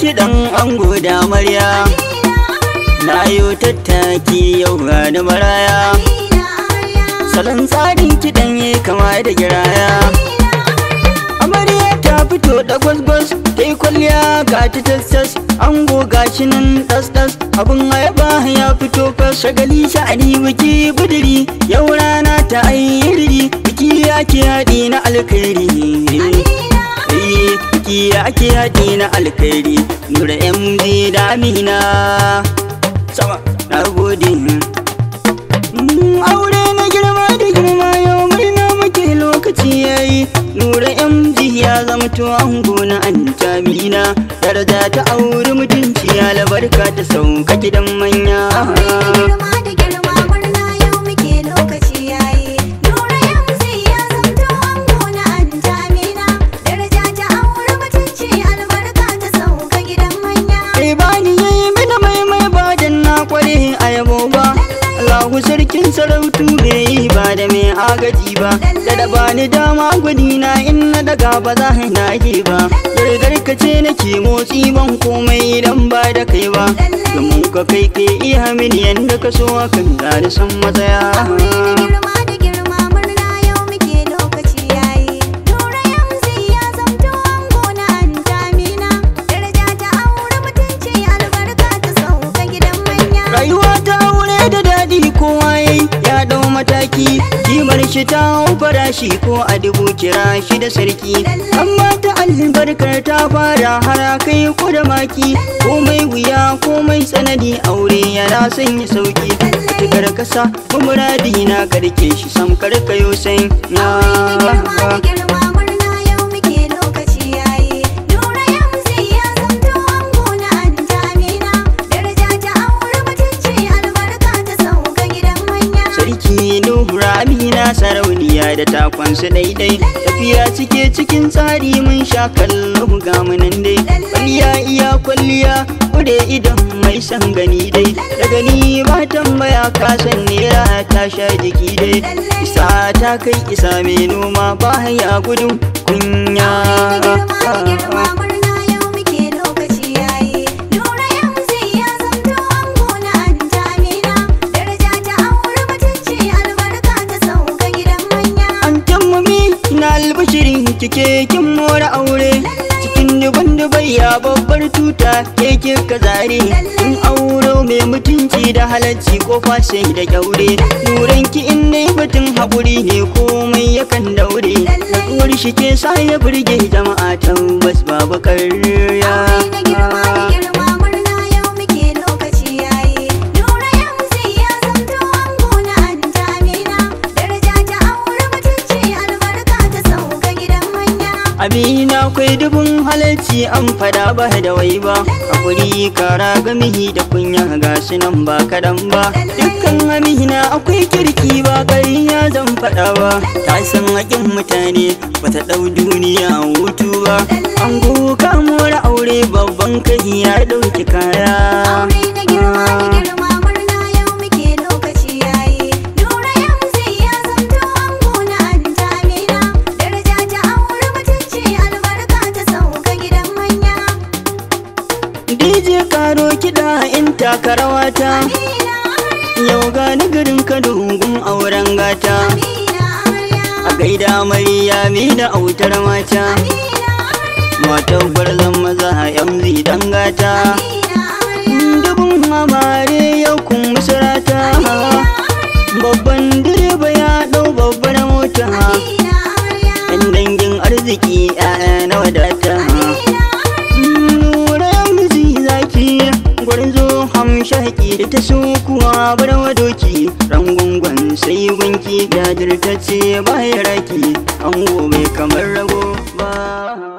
kiɗan ango da amarya na yo tattaki yau da maraya salon tsarin kiɗan ya kama da giraya amarya ta fito da gwasgwas, ta yi kwalliya ga ta tassas ango gashi nan das abin ayaba ya fito fas shagali sha'ani biki buduri yau rana ta ayyirri biki ya ke haɗi na alkhairi alkhairi nura md damina sama na gode mm, aure na girma da girma yau murna muke lokaci yayi nura md ya zamto ango na antamina daraja ta aure mutunci ya labarka ta sauka gidan manya Allahu sarkin sarautu bai ba da mai agaji ba da da bani dama gwani na in na daga ba za na yi ba yardar ka ce nake motsi ban komai idan ba da kai ba domin ka kai ke iya mini yadda ka so akan da san matsaya mataki kimar shi ta farashi ko a dubu kira shi da sarki amma ta albarkar ta fara hara kai ko da maki komai wuya komai tsanani aure yana sanya sauki matukar kasa muradi na karke shi sam karkayo san na girma Ramina sarauniya da takwansu daidai Tafiya cike cikin tsari mun sha kallo kallon gamunan dai Kwalliya iya kwalliya kude idan mai san gani dai Da gani ba tambaya ka san nera ta sha jiki dai Isa ta kai isa mai noma ba ya gudun kunya take kin mora aure cikin duban dubai ya babbar tuta keke ka zare in aure mai mutunci da halacci ko fashe da kyaure nuran ki in dai batun haƙuri ne komai yakan daure natsuwar shi ke sa ya burge jama'a tabbas babu karya abina akwai dubun halarci an fada ba da wai ba hakuri kara ga mihi da kunya gashi nan ba kadan ba dukkan amina akwai kirki ba ya zan fada ba ta san hakin mutane bata dau duniya hutu ba an goka mura aure babban kai ya dauki kaya DJ karo kiɗa in taka rawata Yau gani garin kadungun auren gata A gaida mariya da autar mata Matan gwarzon maza yan zidan gata dubun hamare yau kun musurata Babban direba ya ɗau babbar mota Yan dangin arziki 'ya'ya ita su kuwa bar doki rangwangwan sai gunki jajirtacce baya raki an gobe kamar rago ba